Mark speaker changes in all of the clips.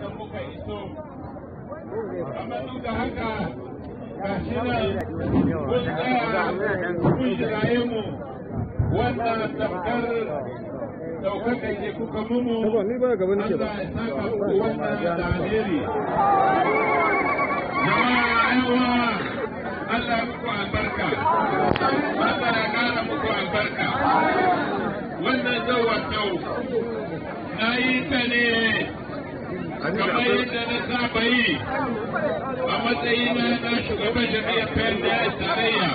Speaker 1: da muka iso amma da haka ga mu tafkar daukaka ke kuka mumu Allah ya saka Allah muku albarka Allah ya kara muku albarka wannan na yi ta ne
Speaker 2: kamar yadda na saba yi
Speaker 1: a matsayina na shugaban jami'ar kayan tarayya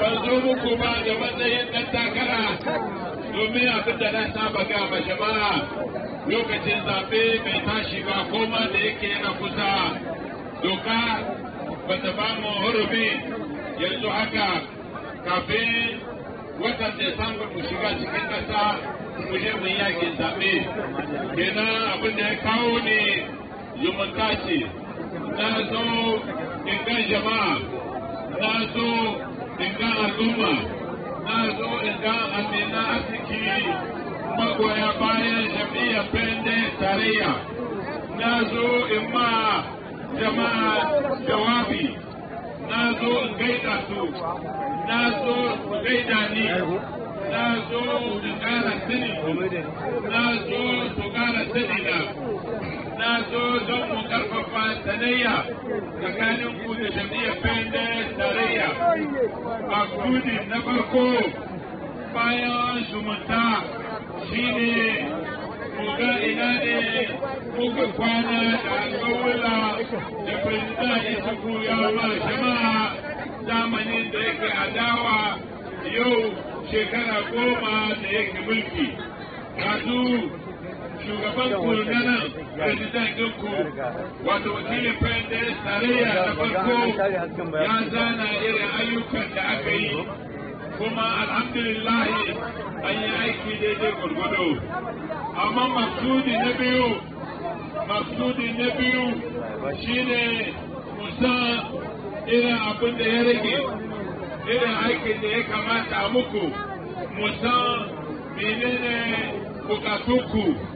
Speaker 1: ban zo muku ba da matsayin ɗan takara domin abin da na saba ga ma jama'a lokacin zaɓe mai tashi ba koma da yake na kusa doka ba ta ba mu yanzu haka kafin watan Desamba ku shiga cikin ƙasa mu je mu yi yakin zaɓe kenan abin da ya kawo ne zumunta ce na so in ga jama'a na so in ga al'umma na so in ga amina arziki magoya bayan jam'iyyar pendent tarayya na zo in ma jama'a jawabi na zo in gaida su na zo su gaida ni na zo da kara sani na zo su kara na na zo sanayya na bayan zumunta shine mu ga ina ne muka kwana da da firista zamanin da adawa yau shekara goma da yake mulki yanzu shugaban ku na nan president ɗinku wato wakilin fayyadar tarayya na farko ya zana irin ayyukan da aka yi kuma alhamdulillah an yi aiki daidai gwargwado amma maksudi na biyu maksudi na biyu shine musa irin abin da ya rage irin aikin da ya kamata muku, mu menene bukatunku